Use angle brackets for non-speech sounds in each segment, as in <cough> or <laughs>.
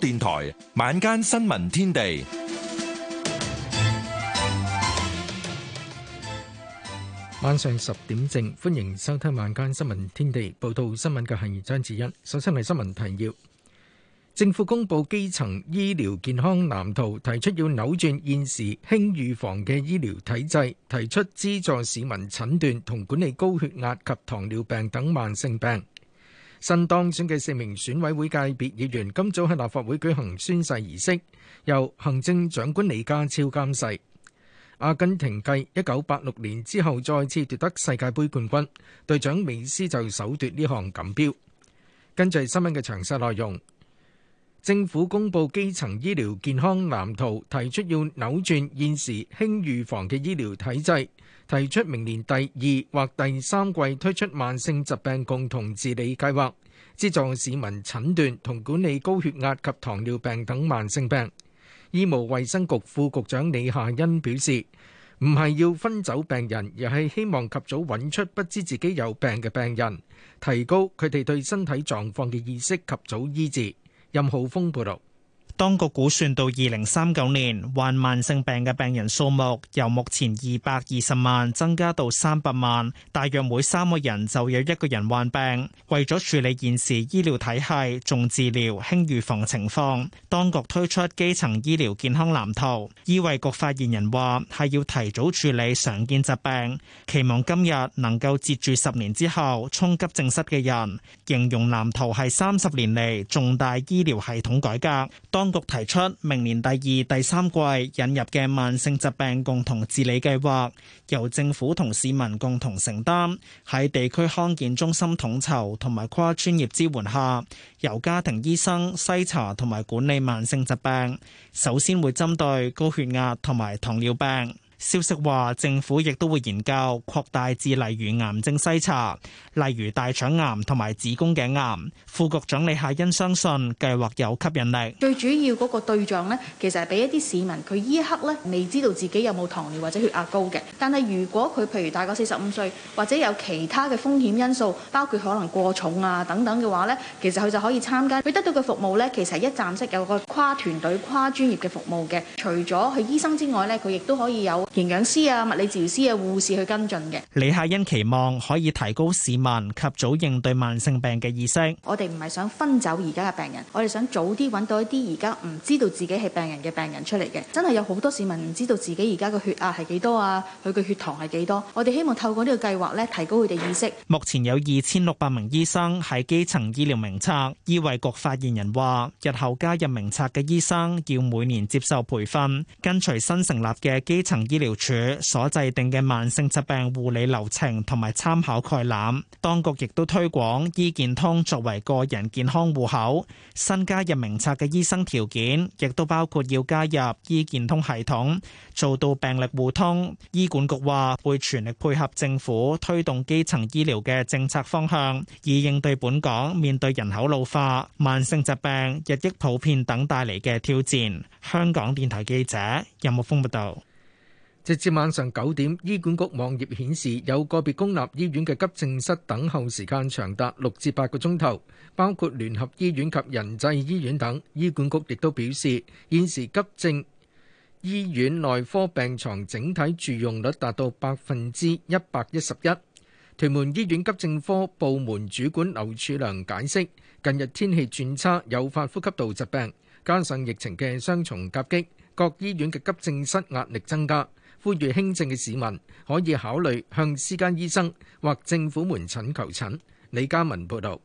電台晚間新聞天地，晚上十點正，歡迎收聽晚間新聞天地。報道新聞嘅係張子欣。首先係新聞提要。政府公布基層醫療健康藍圖，提出要扭轉現時輕預防嘅醫療體制，提出資助市民診斷同管理高血壓及糖尿病等慢性病。新當選嘅四名選委會界別議員今早喺立法會舉行宣誓儀式，由行政長官李家超監誓。阿根廷繼一九八六年之後再次奪得世界盃冠軍，隊長美斯就首奪呢項錦標。根據新聞嘅詳細內容，政府公布基層醫療健康藍圖，提出要扭轉現時輕預防嘅醫療體制。提出明年第二或第三季推出慢性疾病共同治理計劃，資助市民診斷同管理高血壓及糖尿病等慢性病。醫務衛生局副局長李夏茵表示，唔係要分走病人，而係希望及早搵出不知自己有病嘅病人，提高佢哋對身體狀況嘅意識及早醫治。任浩峰報道。當局估算到二零三九年患慢性病嘅病人數目由目前二百二十萬增加到三百萬，大約每三個人就有一個人患病。為咗處理現時醫療體系重治療輕預防情況，當局推出基層醫療健康藍圖。醫衛局發言人話：係要提早處理常見疾病，期望今日能夠截住十年之後衝急症室嘅人。形容藍圖係三十年嚟重大醫療系統改革。當局提出明年第二、第三季引入嘅慢性疾病共同治理計劃，由政府同市民共同承擔，喺地區康健中心統籌同埋跨專業支援下，由家庭醫生篩查同埋管理慢性疾病，首先會針對高血壓同埋糖尿病。消息話，政府亦都會研究擴大至例如癌症篩查，例如大腸癌同埋子宮頸癌。副局長李夏茵相信計劃有吸引力。最主要嗰個對象呢，其實係俾一啲市民，佢依一刻呢，未知道自己有冇糖尿或者血壓高嘅。但係如果佢譬如大過四十五歲，或者有其他嘅風險因素，包括可能過重啊等等嘅話呢，其實佢就可以參加。佢得到嘅服務呢，其實一站式有個跨團隊、跨專業嘅服務嘅。除咗佢醫生之外呢，佢亦都可以有。營養師啊、物理治療師啊、護士去跟進嘅。李夏欣期望可以提高市民及早應對慢性病嘅意識。我哋唔係想分走而家嘅病人，我哋想早啲揾到一啲而家唔知道自己係病人嘅病人出嚟嘅。真係有好多市民唔知道自己而家個血壓係幾多啊，佢嘅血糖係幾多。我哋希望透過呢個計劃咧，提高佢哋意識。 <laughs> 目前有二千六百名醫生喺基層醫療名冊，醫衛局發言人話，日後加入名冊嘅醫生要每年接受培訓，跟隨新成立嘅基層醫。療處所制定嘅慢性疾病護理流程同埋參考概覽，當局亦都推廣醫健通作為個人健康戶口。新加入名冊嘅醫生條件，亦都包括要加入醫健通系統，做到病歷互通。醫管局話會全力配合政府推動基層醫療嘅政策方向，以應對本港面對人口老化、慢性疾病日益普遍等帶嚟嘅挑戰。香港電台記者任木峰報道。直至晚上九點，醫管局網頁顯示有個別公立醫院嘅急症室等候時間長達六至八個鐘頭，包括聯合醫院及仁濟醫院等。醫管局亦都表示，現時急症醫院內科病床整體住用率達到百分之一百一十一。屯門醫院急症科部門主管劉柱良解釋，近日天氣轉差，誘發呼吸道疾病，加上疫情嘅雙重夾擊，各醫院嘅急症室壓力增加。呼籲輕症嘅市民可以考慮向私家醫生或政府門診求診。李嘉文報道，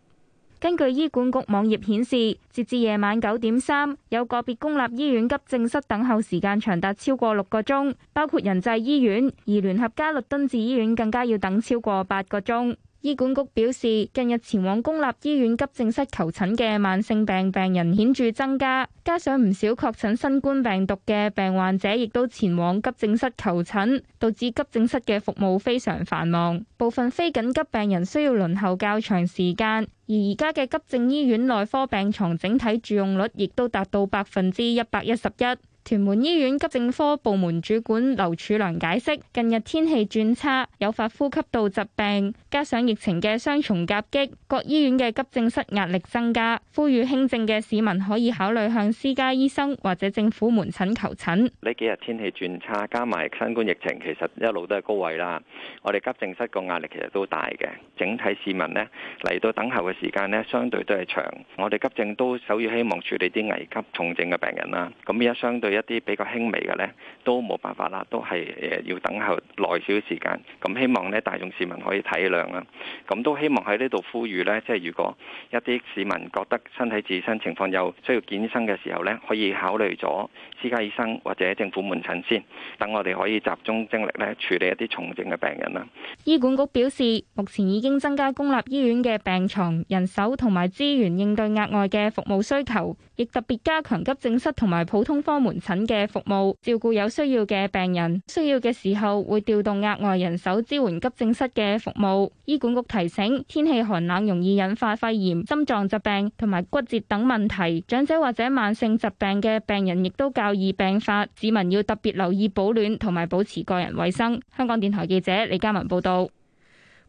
根據醫管局網頁顯示，截至夜晚九點三，有個別公立醫院急症室等候時間長達超過六個鐘，包括仁濟醫院，而聯合加律敦治醫院更加要等超過八個鐘。醫管局表示，近日前往公立醫院急症室求診嘅慢性病病人顯著增加，加上唔少確診新冠病毒嘅病患者亦都前往急症室求診，導致急症室嘅服務非常繁忙，部分非緊急病人需要輪候較長時間。而而家嘅急症醫院內科病床整體住用率亦都達到百分之一百一十一。屯門醫院急症科部門主管劉柱良解釋，近日天氣轉差，誘發呼吸道疾病，加上疫情嘅雙重夾擊，各醫院嘅急症室壓力增加。呼籲輕症嘅市民可以考慮向私家醫生或者政府門診求診。呢幾日天氣轉差，加埋新冠疫情，其實一路都係高位啦。我哋急症室個壓力其實都大嘅，整體市民呢嚟，到等候嘅時間呢，相對都係長。我哋急症都首要希望處理啲危急重症嘅病人啦。咁而家相對。一啲比較輕微嘅咧，都冇辦法啦，都係誒要等候耐少少時間。咁希望咧，大眾市民可以體諒啦。咁都希望喺呢度呼籲咧，即係如果一啲市民覺得身體自身情況有需要見醫生嘅時候咧，可以考慮咗私家醫生或者政府門診先。等我哋可以集中精力咧處理一啲重症嘅病人啦。醫管局表示，目前已經增加公立醫院嘅病床、人手同埋資源，應對額外嘅服務需求。亦特別加強急症室同埋普通科門診嘅服務，照顧有需要嘅病人。需要嘅時候會調動額外人手支援急症室嘅服務。醫管局提醒，天氣寒冷容易引發肺炎、心臟疾病同埋骨折等問題，長者或者慢性疾病嘅病人亦都較易病發。市民要特別留意保暖同埋保持個人衛生。香港電台記者李嘉文報導。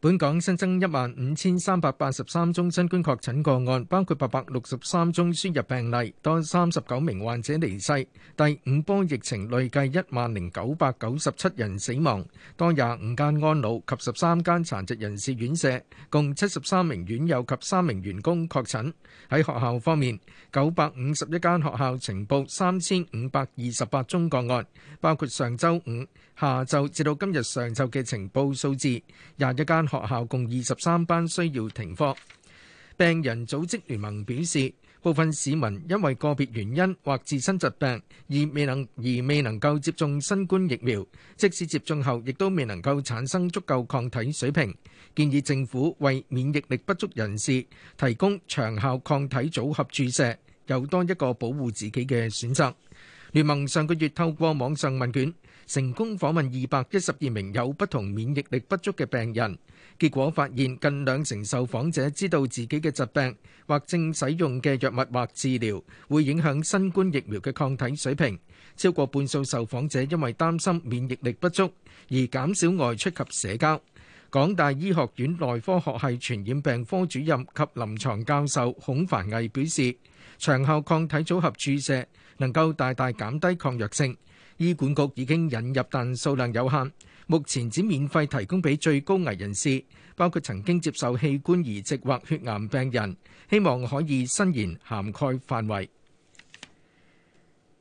本港新增一萬五千三百八十三宗新冠確診個案，包括八百六十三宗輸入病例，多三十九名患者離世。第五波疫情累計一萬零九百九十七人死亡，多廿五間安老及十三間殘疾人士院舍，共七十三名院友及三名員工確診。喺學校方面，九百五十一間學校呈報三千五百二十八宗個案，包括上周五下晝至到今日上晝嘅呈報數字，廿一間學學校共二十三班需要停課。病人組織聯盟表示，部分市民因為個別原因或自身疾病而未能而未能夠接種新冠疫苗，即使接種後亦都未能夠產生足夠抗體水平。建議政府為免疫力不足人士提供長效抗體組合注射，有多一個保護自己嘅選擇。聯盟上個月透過網上問卷成功訪問二百一十二名有不同免疫力不足嘅病人。結果發現，近兩成受訪者知道自己嘅疾病或正使用嘅藥物或治療會影響新冠疫苗嘅抗體水平。超過半數受訪者因為擔心免疫力不足而減少外出及社交。港大醫學院內科學系傳染病科主任及臨床教授孔繁毅表示：長效抗體組合注射能夠大大減低抗藥性，醫管局已經引入，但數量有限。目前只免費提供俾最高危人士，包括曾經接受器官移植或血癌病人，希望可以伸延涵蓋範圍。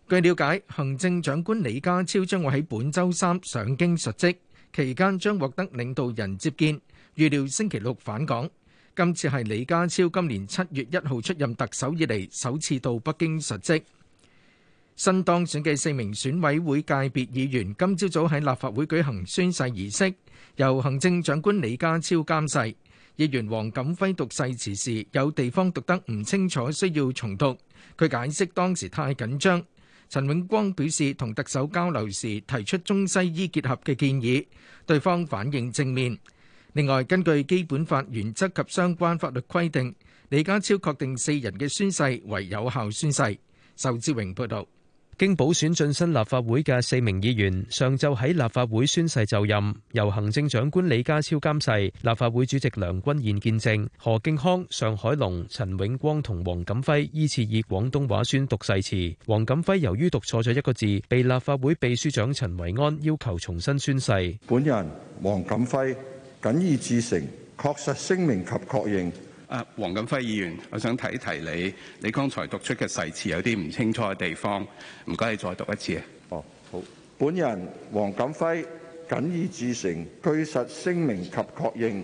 據了解，行政長官李家超將會喺本周三上京述職，期間將獲得領導人接見，預料星期六返港。今次係李家超今年七月一號出任特首以嚟首次到北京述職。新當選嘅四名選委會界別議員今朝早喺立法會舉行宣誓儀式，由行政長官李家超監誓。議員黃錦輝讀誓詞時，有地方讀得唔清楚，需要重讀。佢解釋當時太緊張。陳永光表示，同特首交流時提出中西醫結合嘅建議，對方反應正面。另外，根據基本法原則及相關法律規定，李家超確定四人嘅宣誓為有效宣誓。仇志榮報導。經補選晉身立法會嘅四名議員，上晝喺立法會宣誓就任，由行政長官李家超監誓，立法會主席梁君彥見證。何敬康、尚海龍、陳永光同黃錦輝依次以廣東話宣讀誓詞。黃錦輝由於讀錯咗一個字，被立法會秘書長陳維安要求重新宣誓。本人黃錦輝謹以至誠，確實聲明及確認。啊，黃錦輝議員，我想提一提你，你剛才讀出嘅誓詞有啲唔清楚嘅地方，唔該你再讀一次。哦，好。本人黃錦輝謹以至誠據實聲明及確認。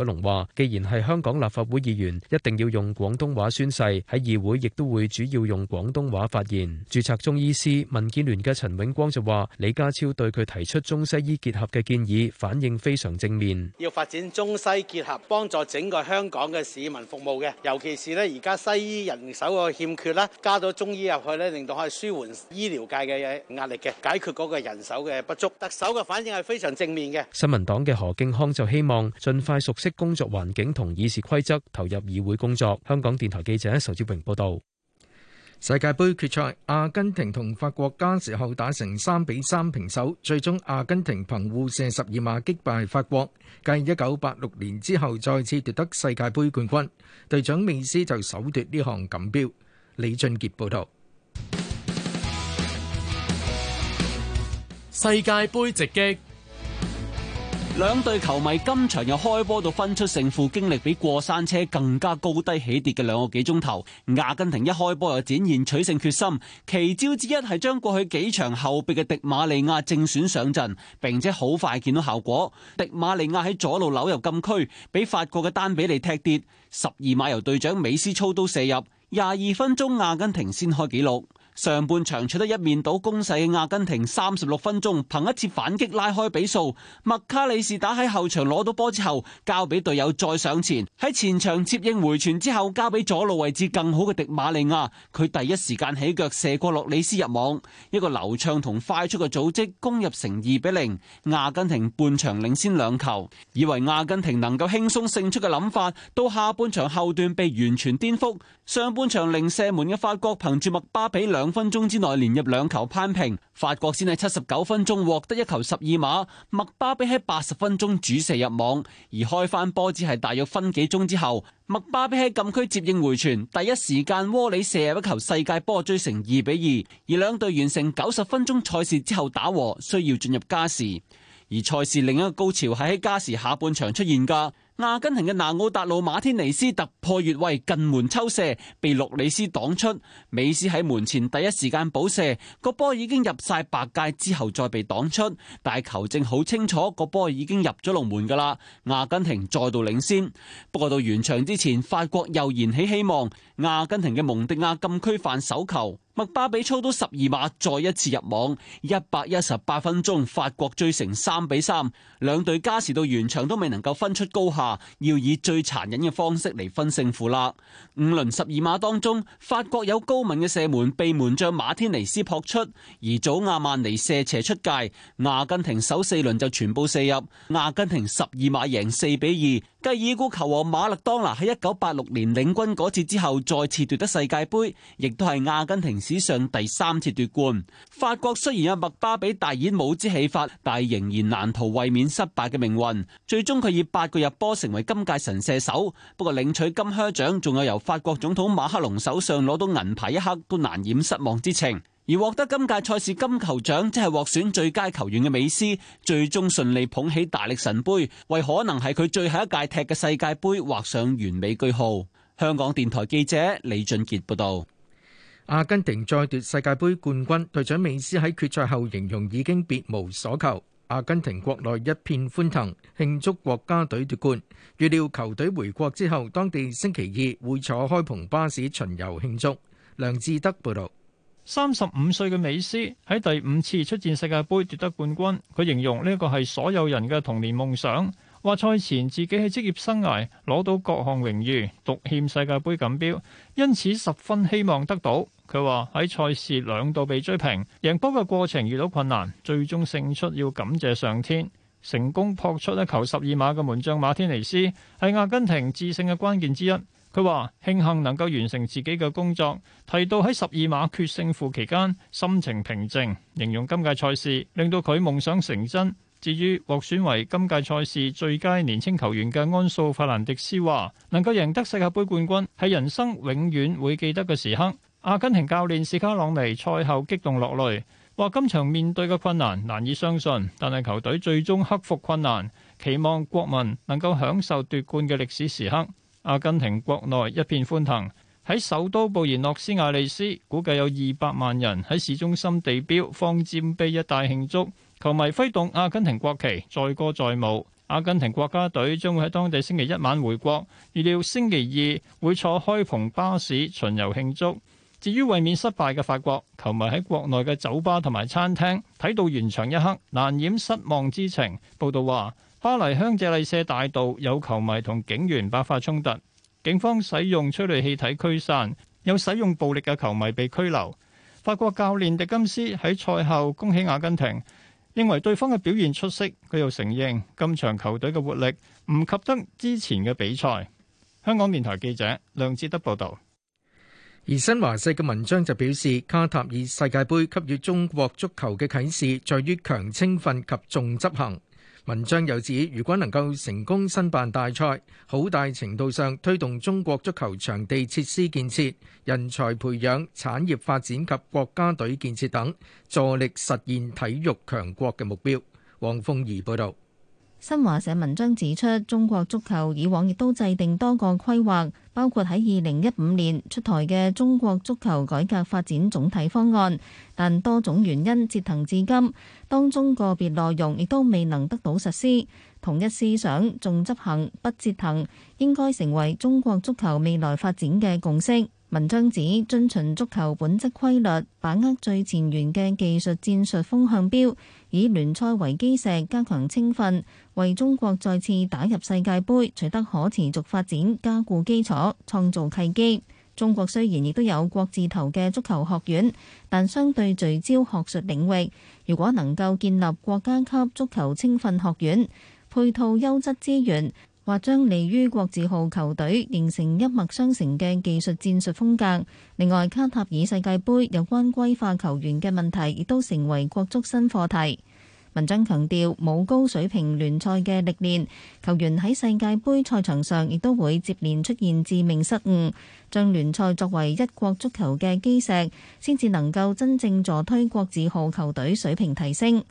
李龍話：既然係香港立法會議員，一定要用廣東話宣誓，喺議會亦都會主要用廣東話發言。註冊中醫師、民建聯嘅陳永光就話：李家超對佢提出中西醫結合嘅建議，反應非常正面。要發展中西結合，幫助整個香港嘅市民服務嘅，尤其是呢而家西醫人手嘅欠缺啦，加咗中醫入去呢，令到可以舒緩醫療界嘅壓力嘅，解決嗰個人手嘅不足。特首嘅反應係非常正面嘅。新民黨嘅何敬康就希望盡快熟悉。工作環境同議事規則投入議會工作。香港電台記者仇志平報道。世界盃決賽，阿根廷同法國加時後打成三比三平手，最終阿根廷憑互射十二碼擊敗法國，繼一九八六年之後再次奪得世界盃冠軍。隊長美斯就首奪呢項錦標。李俊傑報道。世界盃直擊。兩隊球迷今場又開波到分出勝負，經歷比過山車更加高低起跌嘅兩個幾鐘頭。阿根廷一開波又展現取勝決心，奇招之一係將過去幾場後備嘅迪馬利亞正選上陣，並且好快見到效果。迪馬利亞喺左路扭入禁區，俾法國嘅丹比利踢跌十二碼，由隊長美斯操刀射入。廿二分鐘，阿根廷先開紀錄。上半場取得一面倒攻勢嘅阿根廷，三十六分鐘憑一次反擊拉開比數。麥卡里士打喺後場攞到波之後，交俾隊友再上前喺前場接應回傳之後，交俾左路位置更好嘅迪馬利亞。佢第一時間起腳射過洛里斯入網，一個流暢同快速嘅組織攻入成二比零，阿根廷半場領先兩球。以為阿根廷能夠輕鬆勝出嘅諗法，到下半場後段被完全顛覆。上半場零射門嘅法國，憑住麥巴比兩兩分鐘之內連入兩球攀平，法國先喺七十九分鐘獲得一球十二碼。麥巴比喺八十分鐘主射入網，而開翻波只係大約分幾鐘之後，麥巴比喺禁區接應回傳，第一時間窩裏射入一球，世界波追成二比二。而兩隊完成九十分鐘賽事之後打和，需要進入加時。而賽事另一個高潮係喺加時下半場出現㗎。阿根廷嘅南奧達魯馬天尼斯突破越位近門抽射，被洛里斯擋出。美斯喺門前第一時間補射，個波已經入晒白界之後再被擋出，但係球證好清楚個波已經入咗龍門噶啦。阿根廷再度領先。不過到完場之前，法國又燃起希望。阿根廷嘅蒙迪亞禁區犯手球。麥巴比操到十二碼，再一次入網，一百一十八分鐘，法國追成三比三。兩隊加時到完場都未能夠分出高下，要以最殘忍嘅方式嚟分勝負啦。五輪十二碼當中，法國有高敏嘅射門被門將馬天尼斯撲出，而祖亞曼尼射斜出界。阿根廷首四輪就全部射入，阿根廷十二碼贏四比二。繼已故球王馬勒當拿喺一九八六年領軍嗰次之後，再次奪得世界盃，亦都係阿根廷史上第三次奪冠。法國雖然有麥巴比大演帽子戲法，但仍然難逃衛冕失敗嘅命運。最終佢以八個入波成為今屆神射手，不過領取金靴獎，仲有由法國總統馬克龍手上攞到銀牌一刻，都難掩失望之情。而獲得今屆賽事金球獎，即係獲選最佳球員嘅美斯，最終順利捧起大力神杯，為可能係佢最後一屆踢嘅世界盃畫上完美句號。香港電台記者李俊傑報道。阿根廷再奪世界盃冠軍，隊長美斯喺決賽後形容已經別無所求。阿根廷國內一片歡騰，慶祝國家隊奪冠。預料球隊回國之後，當地星期二會坐開篷巴士巡遊慶祝。梁志德報道。三十五歲嘅美斯喺第五次出戰世界盃奪得冠軍，佢形容呢個係所有人嘅童年夢想。話賽前自己喺職業生涯攞到各項榮譽，獨欠世界盃錦標，因此十分希望得到。佢話喺賽事兩度被追平，贏波嘅過程遇到困難，最終勝出要感謝上天。成功撲出一球十二碼嘅門將馬天尼斯係阿根廷致勝嘅關鍵之一。佢話：慶幸能夠完成自己嘅工作，提到喺十二碼決勝負期間，心情平靜，形容今屆賽事令到佢夢想成真。至於獲選為今屆賽事最佳年輕球員嘅安素法蘭迪斯話：能夠贏得世界杯冠軍係人生永遠會記得嘅時刻。阿根廷教練史卡朗尼賽後激動落淚，話今場面對嘅困難難以相信，但係球隊最終克服困難，期望國民能夠享受奪冠嘅歷史時刻。阿根廷國內一片歡騰，喺首都布宜諾斯艾利斯，估計有二百萬人喺市中心地標方尖碑一帶慶祝，球迷揮動阿根廷國旗，載歌載舞。阿根廷國家隊將會喺當地星期一晚回國，預料星期二會坐開篷巴士巡遊慶祝。至於衛冕失敗嘅法國，球迷喺國內嘅酒吧同埋餐廳睇到完場一刻，難掩失望之情。報導話。巴黎香榭麗舍大道有球迷同警員爆發衝突，警方使用催淚氣體驅散，有使用暴力嘅球迷被拘留。法國教練迪金斯喺賽後恭喜阿根廷，認為對方嘅表現出色。佢又承認今場球隊嘅活力唔及得之前嘅比賽。香港電台記者梁志德報道。而新華社嘅文章就表示，卡塔爾世界盃給予中國足球嘅啟示，在於強青訓及重執行。文章又指，如果能夠成功申辦大賽，好大程度上推動中國足球場地設施建設、人才培養、產業發展及國家隊建設等，助力實現體育強國嘅目標。黃鳳儀報道。新華社文章指出，中國足球以往亦都制定多個規劃，包括喺二零一五年出臺嘅《中國足球改革發展總體方案》，但多種原因折騰至今，當中個別內容亦都未能得到實施。同一思想重執行不折騰，應該成為中國足球未來發展嘅共識。文章指遵循足球本質規律，把握最前沿嘅技術戰術風向標，以聯賽為基石加強青訓，為中國再次打入世界盃取得可持續發展加固基礎，創造契機。中國雖然亦都有國字頭嘅足球學院，但相對聚焦學術領域。如果能夠建立國家級足球青訓學院，配套優質資源，或將利於國字號球隊形成一脈相承嘅技術戰術風格。另外，卡塔爾世界盃有關歸化球員嘅問題亦都成為國足新課題。文章強調，冇高水平聯賽嘅歷練，球員喺世界盃賽場上亦都會接連出現致命失誤。將聯賽作為一國足球嘅基石，先至能夠真正助推國字號球隊水平提升。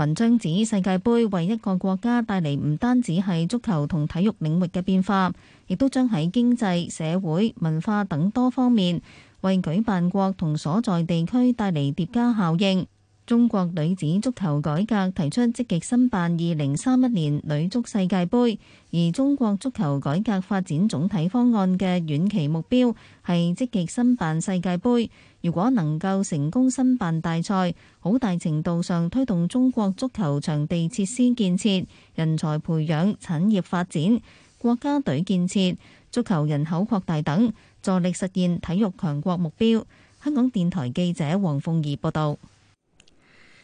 文章指世界盃為一個國家帶嚟唔單止係足球同體育領域嘅變化，亦都將喺經濟、社會、文化等多方面，為舉辦國同所在地區帶嚟疊加效應。中國女子足球改革提出積極申辦二零三一年女足世界盃，而中國足球改革發展總體方案嘅遠期目標係積極申辦世界盃。如果能夠成功申辦大賽，好大程度上推動中國足球場地設施建設、人才培養、產業發展、國家隊建設、足球人口擴大等，助力實現體育強國目標。香港電台記者黃鳳儀報道。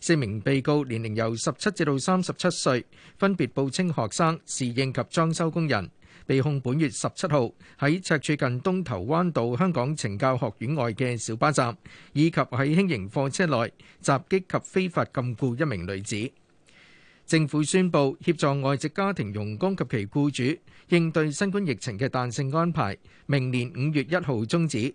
四名被告年齡由十七至到三十七歲，分別報稱學生、侍應及裝修工人，被控本月十七號喺赤柱近東頭灣道香港懲教學院外嘅小巴站，以及喺輕型貨車內襲擊及非法禁錮一名女子。政府宣布協助外籍家庭傭工及其僱主應對新冠疫情嘅彈性安排，明年五月一號終止。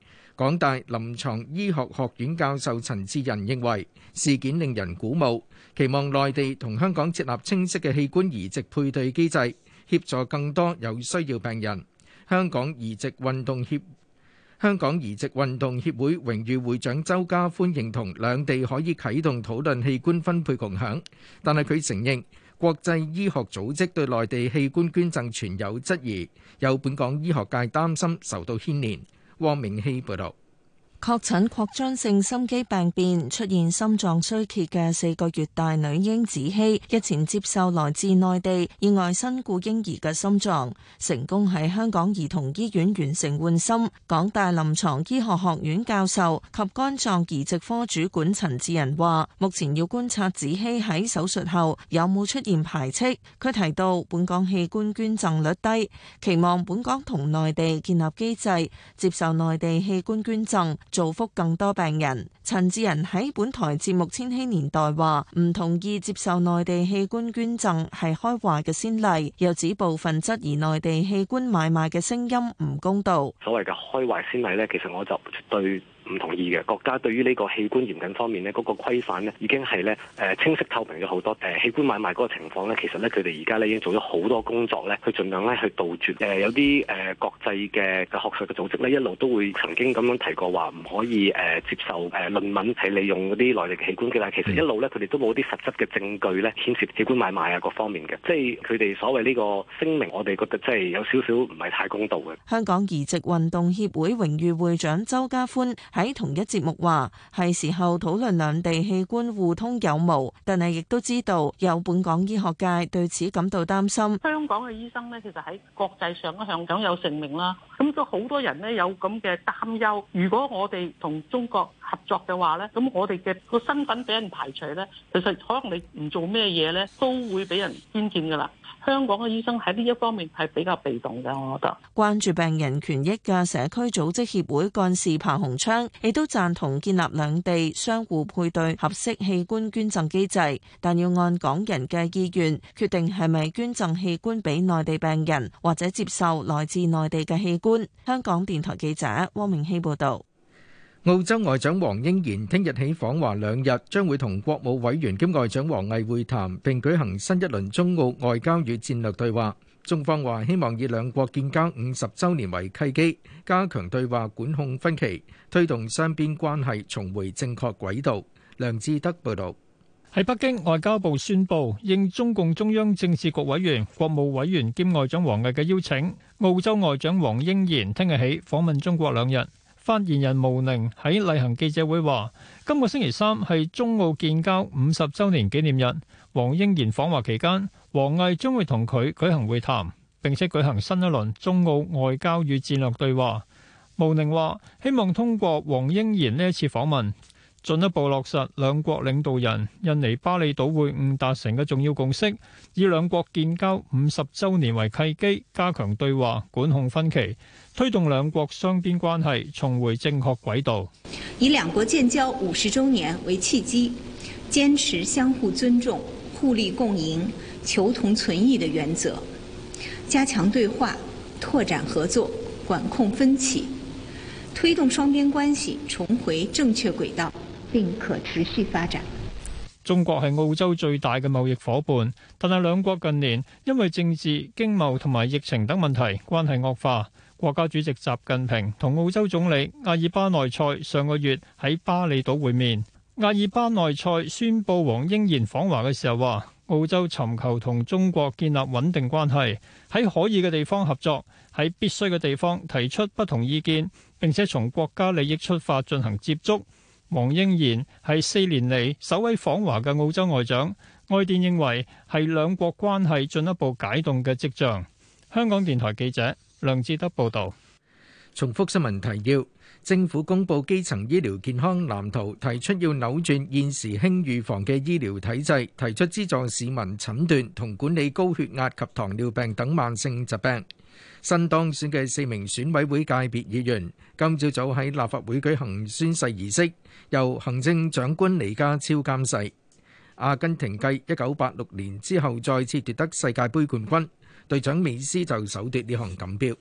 港大臨牀醫學學院教授陳志仁認為事件令人鼓舞，期望內地同香港設立清晰嘅器官移植配對機制，協助更多有需要病人。香港移植運動協香港移植運動協會榮譽會長周家歡認同兩地可以啟動討論器官分配共享，但係佢承認國際醫學組織對內地器官捐贈存有質疑，有本港醫學界擔心受到牽連。汪明希報道。確診擴張性心肌病變，出現心臟衰竭嘅四個月大女嬰子希，日前接受來自內地意外身故嬰兒嘅心臟，成功喺香港兒童醫院完成換心。港大臨床醫學學院教授及肝臟移植科主，主管陳智仁話，目前要觀察子希喺手術後有冇出現排斥。佢提到，本港器官捐贈率低，期望本港同內地建立機制，接受內地器官捐贈，造福更多病人。陳志仁喺本台節目《千禧年代》話唔同意接受內地器官捐贈係開壞嘅先例，又指部分質疑內地器官買賣嘅聲音唔公道。所謂嘅開壞先例呢，其實我就對。唔同意嘅國家對於呢個器官嚴謹方面呢，嗰個規範呢已經係呢，誒清晰透明咗好多。誒器官買賣嗰個情況呢，其實呢，佢哋而家呢已經做咗好多工作呢去盡量呢去杜絕。誒有啲誒國際嘅學術嘅組織呢，一路都會曾經咁樣提過話唔可以誒接受誒論文係利用嗰啲內地器官嘅。但係其實一路呢，佢哋都冇啲實質嘅證據呢牽涉器官買賣啊各方面嘅。即係佢哋所謂呢個聲明，我哋覺得即係有少少唔係太公道嘅。香港移植運動協會榮譽會長周家歡喺同一節目話係時候討論兩地器官互通有無，但係亦都知道有本港醫學界對此感到擔心。香港嘅醫生咧，其實喺國際上一向講有盛名啦，咁都好多人咧有咁嘅擔憂。如果我哋同中國合作嘅話咧，咁我哋嘅個身份俾人排除咧，其實可能你唔做咩嘢咧，都會俾人偏見噶啦。香港嘅醫生喺呢一方面係比較被動嘅，我覺得關注病人權益嘅社區組織協會幹事彭洪昌亦都贊同建立兩地相互配對合適器官捐贈機制，但要按港人嘅意願決定係咪捐贈器官俾內地病人或者接受來自內地嘅器官。香港電台記者汪明熙報導。澳洲外長黃英賢聽日起訪華兩日，將會同國務委員兼外長王毅會談，並舉行新一輪中澳外交與戰略對話。中方話希望以兩國建交五十周年為契機，加強對話管控分歧，推動雙邊關係重回正確軌道。梁志德報道。喺北京，外交部宣布應中共中央政治局委員、國務委員兼外長王毅嘅邀請，澳洲外長黃英賢聽日起訪問中國兩日。發言人毛寧喺例行記者會話：，今個星期三係中澳建交五十周年紀念日。黃英賢訪華期間，王毅將會同佢舉行會談，並且舉行新一輪中澳外交與戰略對話。毛寧話：，希望通過黃英賢呢一次訪問。進一步落實兩國領導人印尼巴厘島會晤達成嘅重要共識，以兩國建交五十週年為契機，加強對話，管控分歧，推動兩國雙邊關係重回正確軌道。以兩國建交五十週年為契機，堅持相互尊重、互利共贏、求同存異嘅原則，加強對話、拓展合作、管控分歧，推動雙邊關係重回正確軌道。並可持續發展。中國係澳洲最大嘅貿易夥伴，但係兩國近年因為政治、經貿同埋疫情等問題關係惡化。國家主席習近平同澳洲總理阿爾巴內塞上個月喺巴厘島會面。阿爾巴內塞宣布黃英賢訪華嘅時候話，澳洲尋求同中國建立穩定關係，喺可以嘅地方合作，喺必須嘅地方提出不同意見，並且從國家利益出發進行接觸。王英賢係四年嚟首位訪華嘅澳洲外長，外電認為係兩國關係進一步解凍嘅跡象。香港電台記者梁志德報道。重複新聞提要：政府公布基層醫療健康藍圖，提出要扭轉現時輕預防嘅醫療體制，提出資助市民診斷同管理高血壓及糖尿病等慢性疾病。新當選嘅四名選委會界別議員今朝早喺立法會舉行宣誓儀式，由行政長官李家超監誓。阿根廷繼一九八六年之後再次奪得世界杯冠軍，隊長美斯就首奪呢項錦標。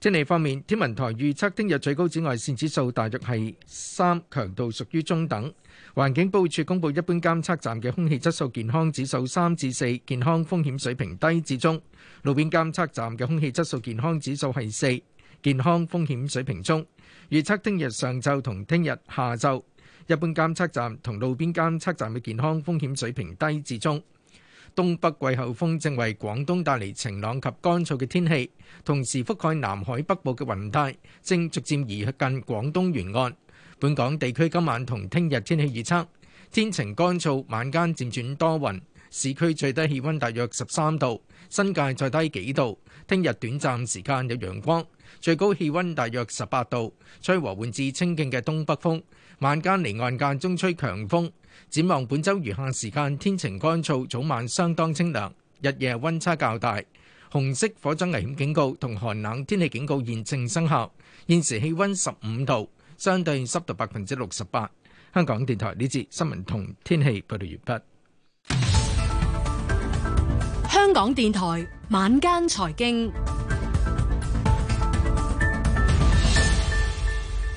天氣方面，天文台預測聽日最高紫外線指數大約係三，強度屬於中等。環境署公布一般監測站嘅空氣質素健康指數三至四，健康風險水平低至中。路邊監測站嘅空氣質素健康指數係四，健康風險水平中。預測聽日上晝同聽日下晝，一般監測站同路邊監測站嘅健康風險水平低至中。東北季候風正為廣東帶嚟晴朗及乾燥嘅天氣，同時覆蓋南海北部嘅雲帶，正逐漸移近廣東沿岸。本港地區今晚同聽日天氣預測：天晴乾燥，晚間漸轉多雲。市區最低氣溫大約十三度，新界再低幾度。聽日短暫時間有陽光，最高氣溫大約十八度，吹和緩至清勁嘅東北風。晚間離岸間中吹強風。展望本週餘下時間天晴乾燥，早晚相當清涼，日夜溫差較大。紅色火災危險警告同寒冷天氣警告現正生效。現時氣溫十五度，相對濕度百分之六十八。香港電台呢節新聞同天氣報道完畢。香港電台晚間財經，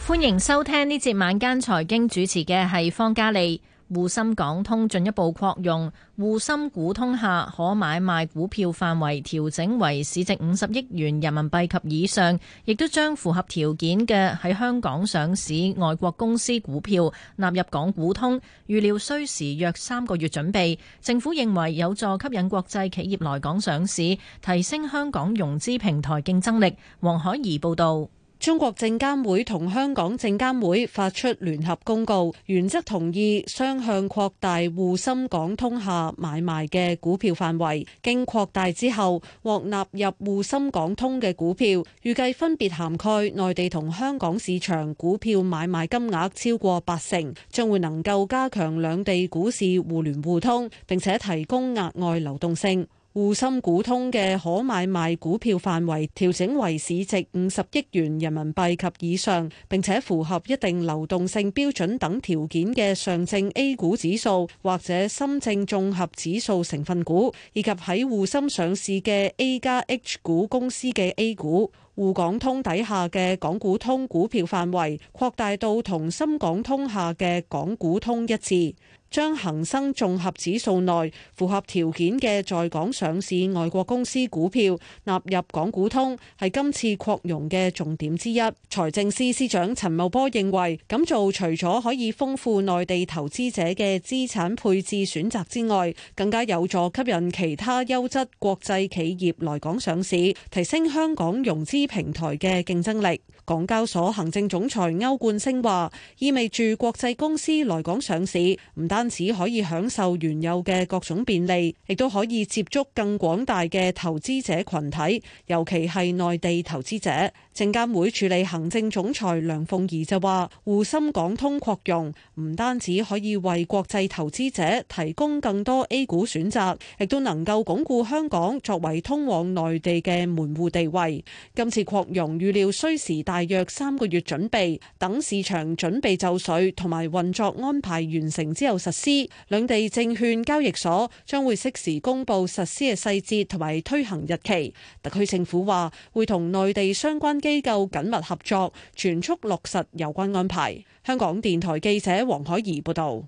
歡迎收聽呢節晚間財經，主持嘅係方嘉利。滬深港通進一步擴容，滬深股通下可買賣股票範圍調整為市值五十億元人民幣及以上，亦都將符合條件嘅喺香港上市外國公司股票納入港股通。預料需時約三個月準備。政府認為有助吸引國際企業來港上市，提升香港融資平台競爭力。黃海怡報導。中國證監會同香港證監會發出聯合公告，原則同意雙向擴大滬深港通下買賣嘅股票範圍。經擴大之後，獲納入滬深港通嘅股票，預計分別涵蓋內地同香港市場股票買賣金額超過八成，將會能夠加強兩地股市互聯互通，並且提供額外流動性。滬深股通嘅可買賣股票範圍調整為市值五十億元人民幣及以上，並且符合一定流動性標準等條件嘅上證 A 股指數或者深證綜合指數成分股，以及喺滬深上市嘅 A 加 H 股公司嘅 A 股，滬港通底下嘅港股通股票範圍擴大到同深港通下嘅港股通一致。將恒生綜合指數內符合條件嘅在港上市外國公司股票納入港股通，係今次擴容嘅重點之一。財政司司長陳茂波認為，咁做除咗可以豐富內地投資者嘅資產配置選擇之外，更加有助吸引其他優質國際企業來港上市，提升香港融資平台嘅競爭力。港交所行政總裁歐冠昇話，意味住國際公司來港上市，唔單止可以享受原有嘅各種便利，亦都可以接觸更廣大嘅投資者群體，尤其係內地投資者。證監會處理行政總裁梁鳳儀就話，滬深港通擴容唔單止可以為國際投資者提供更多 A 股選擇，亦都能夠鞏固香港作為通往內地嘅門戶地位。今次擴容預料需時大。大約三個月準備，等市場準備就緒同埋運作安排完成之後實施。兩地證券交易所將會適時公布實施嘅細節同埋推行日期。特區政府話會同內地相關機構緊密合作，全速落實有關安排。香港電台記者黃海怡報道。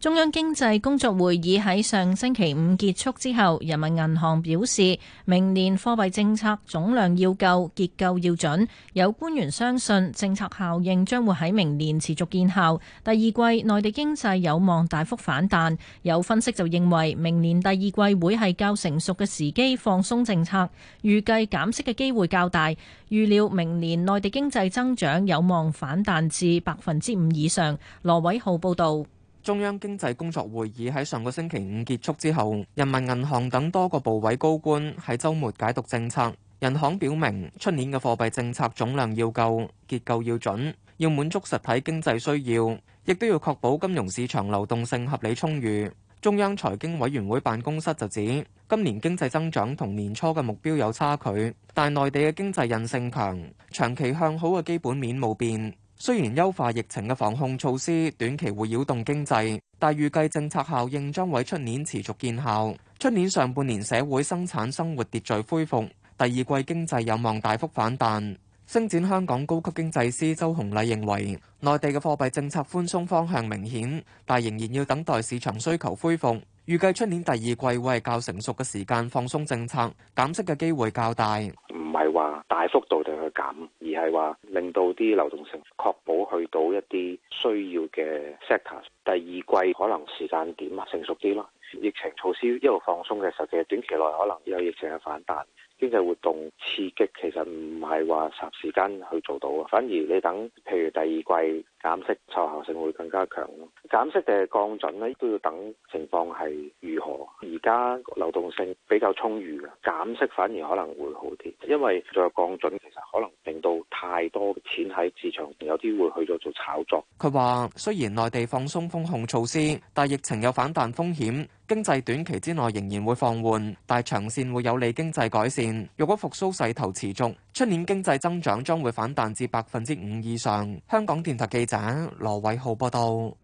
中央經濟工作會議喺上星期五結束之後，人民銀行表示，明年貨幣政策總量要夠，結構要準。有官員相信政策效應將會喺明年持續見效，第二季內地經濟有望大幅反彈。有分析就認為，明年第二季會係較成熟嘅時機放鬆政策，預計減息嘅機會較大。預料明年內地經濟增長有望反彈至百分之五以上。羅偉浩報導。中央經濟工作會議喺上個星期五結束之後，人民銀行等多個部委高官喺周末解讀政策。人行表明，出年嘅貨幣政策總量要夠，結構要準，要滿足實體經濟需要，亦都要確保金融市場流動性合理充裕。中央財經委員會辦公室就指，今年經濟增長同年初嘅目標有差距，但內地嘅經濟韌性強，長期向好嘅基本面冇變。雖然優化疫情嘅防控措施短期會擾動經濟，但預計政策效應將會出年持續見效。出年上半年社會生產生活秩序恢復，第二季經濟有望大幅反彈。星展香港高級經濟師周洪禮認為，內地嘅貨幣政策寬鬆方向明顯，但仍然要等待市場需求恢復。預計出年第二季會係較成熟嘅時間放鬆政策，減息嘅機會較大，唔係話大幅度地去減，而係話令到啲流動性確保去到一啲需要嘅 sector。第二季可能時間點啊成熟啲咯，疫情措施一路放鬆嘅時候，其實短期內可能有疫情嘅反彈。經濟活動刺激其實唔係話霎時間去做到嘅，反而你等，譬如第二季減息，成效性會更加強咯。減息定係降準咧，都要等情況係如何。而家流動性比較充裕嘅，減息反而可能會好啲，因為仲有降準，其實可能令到太多嘅錢喺市場，有啲會去咗做炒作。佢話：雖然內地放鬆封控措施，但疫情有反彈風險。經濟短期之內仍然會放緩，但係長線會有利經濟改善。若果復甦勢頭持續，出年經濟增長將會反彈至百分之五以上。香港電台記者羅偉浩報道。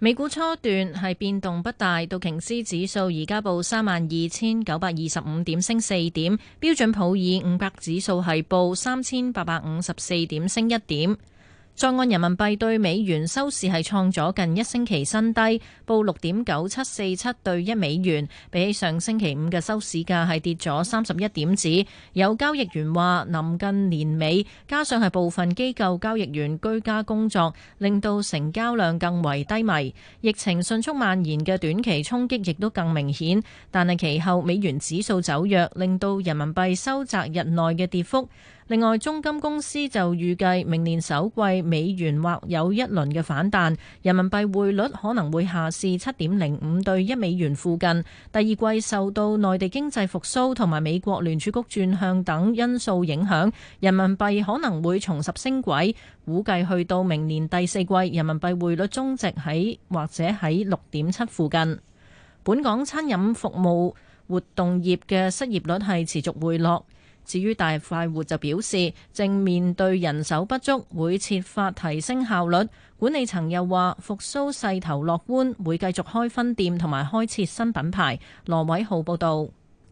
美股初段係變動不大，道瓊斯指數而家報三萬二千九百二十五點，升四點；標準普爾五百指數係報三千八百五十四點，升一點。在岸人民幣對美元收市係創咗近一星期新低，報六點九七四七對一美元，比起上星期五嘅收市價係跌咗三十一點子。有交易員話：臨近年尾，加上係部分機構交易員居家工作，令到成交量更為低迷。疫情迅速蔓延嘅短期衝擊亦都更明顯，但係其後美元指數走弱，令到人民幣收窄日內嘅跌幅。另外，中金公司就預計明年首季美元或有一輪嘅反彈，人民幣匯率可能會下試七點零五對一美元附近。第二季受到內地經濟復甦同埋美國聯儲局轉向等因素影響，人民幣可能會重拾升軌，估計去到明年第四季，人民幣匯率中值喺或者喺六點七附近。本港餐飲服務活動業嘅失業率係持續回落。至於大快活就表示正面對人手不足，會設法提升效率。管理層又話復甦勢頭樂觀，會繼續開分店同埋開設新品牌。羅偉浩報導。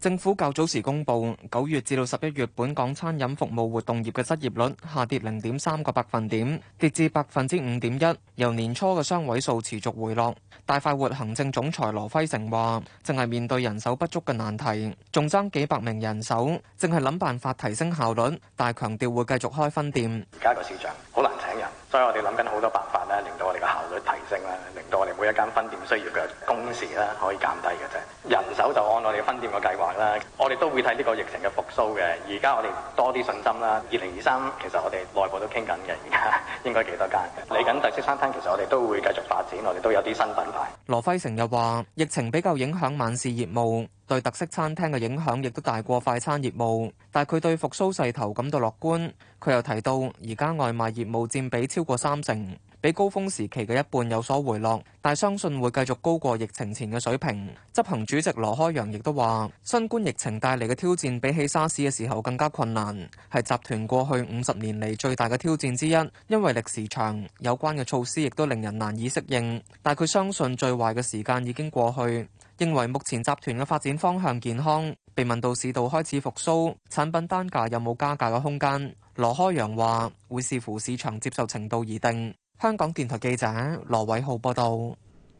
政府較早時公布，九月至到十一月，本港餐飲服務活動業嘅失業率下跌零點三個百分點，跌至百分之五點一，由年初嘅雙位數持續回落。大快活行政總裁羅輝成話：淨係面對人手不足嘅難題，仲爭幾百名人手，淨係諗辦法提升效率。但係強調會繼續開分店。而家個市場好難請人。所以我哋諗緊好多辦法咧，令到我哋嘅效率提升啦，令到我哋每一間分店需要嘅工時咧可以減低嘅啫。人手就按我哋分店嘅計劃啦。我哋都會睇呢個疫情嘅復甦嘅。而家我哋多啲信心啦。二零二三其實我哋內部都傾緊嘅。而家應該幾多間嚟緊特色餐廳，其實我哋都，都會繼續發展。我哋都有啲新品牌。羅輝成又話：疫情比較影響晚市業務。對特色餐廳嘅影響亦都大過快餐業務，但佢對復甦勢頭感到樂觀。佢又提到，而家外賣業務佔比超過三成，比高峰時期嘅一半有所回落，但相信會繼續高過疫情前嘅水平。執行主席羅開陽亦都話：新冠疫情帶嚟嘅挑戰比起沙士嘅時候更加困難，係集團過去五十年嚟最大嘅挑戰之一，因為歷時長，有關嘅措施亦都令人難以適應。但佢相信最壞嘅時間已經過去。認為目前集團嘅發展方向健康，被問到市道開始復甦，產品單價有冇加價嘅空間。羅開陽話，會視乎市場接受程度而定。香港電台記者羅偉浩報道。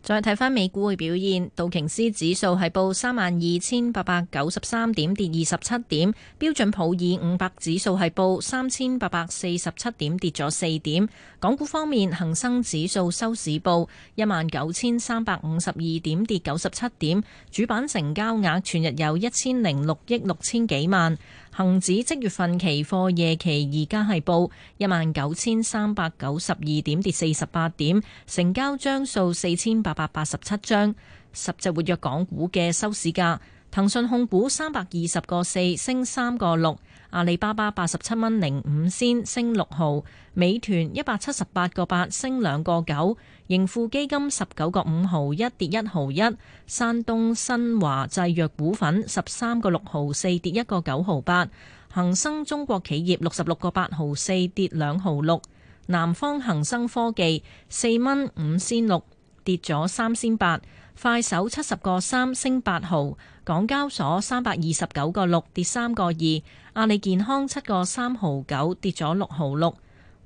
再睇翻美股嘅表現，道瓊斯指數係報三萬二千八百九十三點，跌二十七點，標準普爾五百指數係報三千八百四十七點，跌咗四點。港股方面，恆生指數收市報一萬九千三百五十二點，跌九十七點，主板成交額全日有一千零六億六千幾萬。恒指即月份期貨夜期而家係報一萬九千三百九十二點，跌四十八點，成交張數四千八百八十七張。十隻活躍港股嘅收市價，騰訊控股三百二十個四，升三個六；阿里巴巴八十七蚊零五仙，升六毫；美團一百七十八個八，升兩個九。盈富基金十九個五毫一，跌一毫一，山東新華製藥股份十三個六毫四，跌一個九毫八，恒生中國企業六十六個八毫四，跌兩毫六，南方恒生科技四蚊五仙六，跌咗三仙八，快手七十個三，升八毫，港交所三百二十九個六，跌三個二，阿里健康七個三毫九，跌咗六毫六。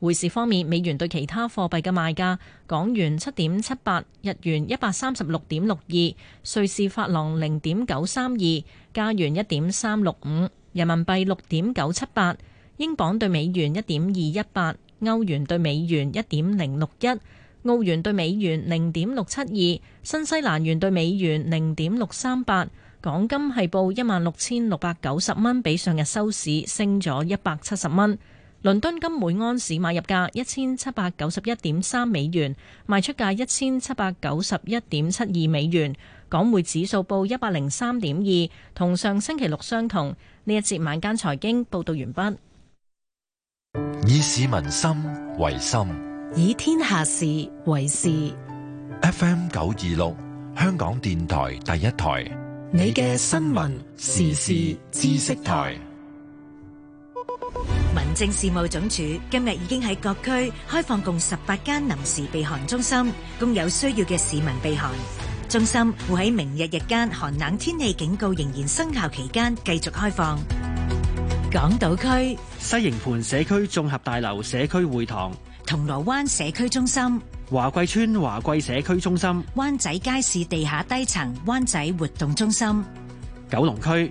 匯市方面，美元對其他貨幣嘅賣價：港元七點七八，日元一百三十六點六二，瑞士法郎零點九三二，加元一點三六五，人民幣六點九七八，英鎊對美元一點二一八，歐元對美元一點零六一，澳元對美元零點六七二，新西蘭元對美元零點六三八。港金係報一萬六千六百九十蚊，比上日收市升咗一百七十蚊。倫敦金每安士買入價一千七百九十一點三美元，賣出價一千七百九十一點七二美元。港匯指數報一百零三點二，同上星期六相同。呢一節晚間財經報道完畢。以市民心為心，以天下事為事。F M 九二六，香港電台第一台，你嘅新聞時事知識台。民政事務總署今日已經喺各區開放共十八間臨時避寒中心，供有需要嘅市民避寒。中心會喺明日日間寒冷天氣警告仍然生效期間繼續開放。港島區西營盤社區綜合大樓社區會堂、銅鑼灣社區中心、華貴村華貴社區中心、灣仔街市地下低層灣仔活動中心、九龍區。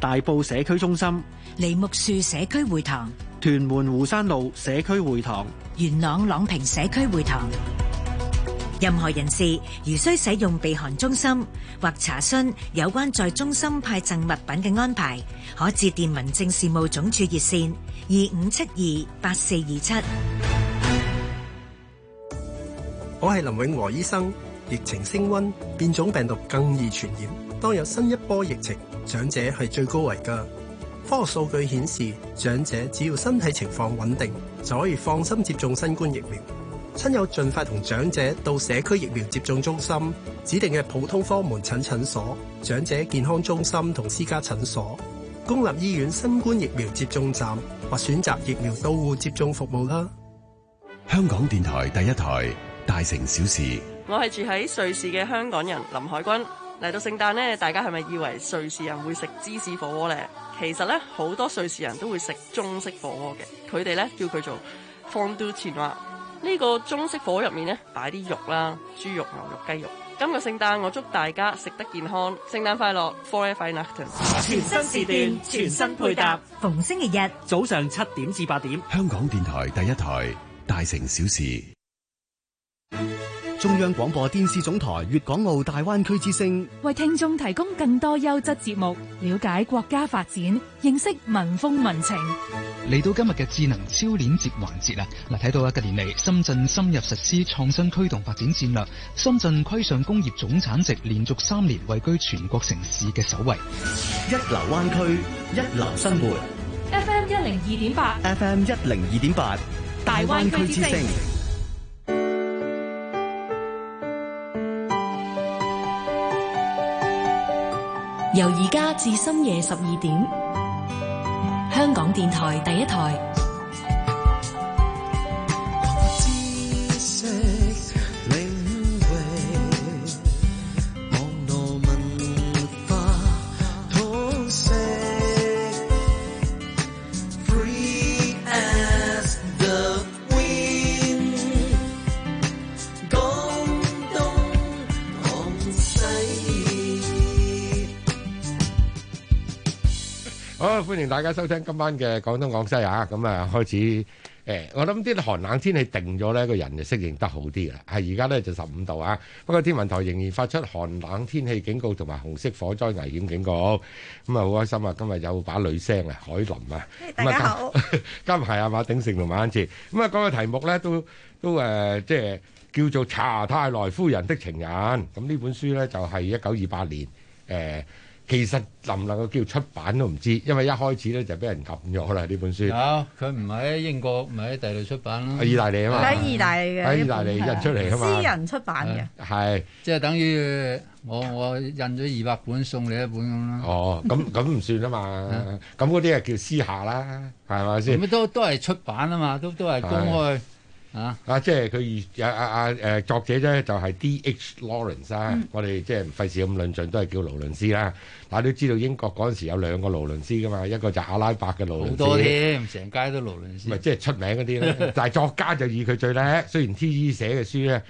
大埔社區中心、梨木樹社區會堂、屯門湖山路社區會堂、元朗朗屏社區會堂。任何人士如需使用避寒中心或查詢有關在中心派贈物品嘅安排，可致電民政事務總署熱線二五七二八四二七。我係林永和醫生。疫情升温，變種病毒更易傳染。當有新一波疫情。長者係最高危噶。科學數據顯示，長者只要身體情況穩定，就可以放心接種新冠疫苗。親友盡快同長者到社區疫苗接種中心、指定嘅普通科門診診所、長者健康中心同私家診所、公立醫院新冠疫苗接種站或選擇疫苗到戶接種服務啦。香港電台第一台《大城小事》，我係住喺瑞士嘅香港人林海軍。嚟到聖誕咧，大家係咪以為瑞士人會食芝士火鍋咧？其實咧，好多瑞士人都會食中式火鍋嘅，佢哋咧叫佢做放 o 前話。呢個中式火鍋入面咧，擺啲肉啦，豬肉、牛肉、雞肉。今個聖誕，我祝大家食得健康，聖誕快樂。For u a fine a e r n 全新時段，全新配搭，配搭逢星期日早上七點至八點，香港電台第一台大城小事。中央廣播電視總台粵港澳大灣區之聲，為聽眾提供更多優質節目，了解國家發展，認識民風民情。嚟到今日嘅智能超鏈接環節啊！嗱，睇到啊，近年嚟深圳深入實施創新驅動發展戰略，深圳規上工業總產值連續三年位居全國城市嘅首位。一流灣區，一流生活。FM 一零二點八，FM 一零二點八，大灣區之聲。由而家至深夜十二點，香港電台第一台。好，歡迎大家收聽今晚嘅廣東講西啊！咁、嗯、啊，開始誒、欸，我諗啲寒冷天氣定咗咧，個人就適應得好啲啦。係而家咧就十五度啊，不過天文台仍然發出寒冷天氣警告同埋紅色火災危險警告。咁、嗯、啊，好開心啊！今日有把女聲啊，海倫啊，大家好。今日係阿馬鼎盛同馬安哲。咁、嗯、啊，講、那、嘅、個、題目咧都都誒，即、呃、係叫做《查泰萊夫人的情人》。咁、嗯、呢、嗯、本書咧就係一九二八年誒。呃其實能唔能夠叫出版都唔知，因為一開始咧就俾人撳咗啦呢本書。有佢唔喺英國，唔喺大陸出版啦。喺意大利啊嘛。喺意大利嘅。喺意大利印出嚟啊嘛。私人出版嘅。係、啊，即係等於我我印咗二百本送你一本咁啦。哦，咁咁唔算啊嘛，咁嗰啲係叫私下啦，係咪先？咁都都係出版啊嘛，都都係公開。啊，啊！啊！即係佢啊啊啊！誒、啊、作者咧就係、是、D.H. Lawrence 啦、啊。嗯、我哋即係唔費事咁論盡，都係叫勞倫斯啦。大家都知道英國嗰陣時有兩個勞倫斯噶嘛，一個就阿拉伯嘅勞倫斯。好多添，成街都勞倫斯。唔係即係出名嗰啲咧， <laughs> 但係作家就以佢最叻。雖然 T.E. 寫嘅書咧。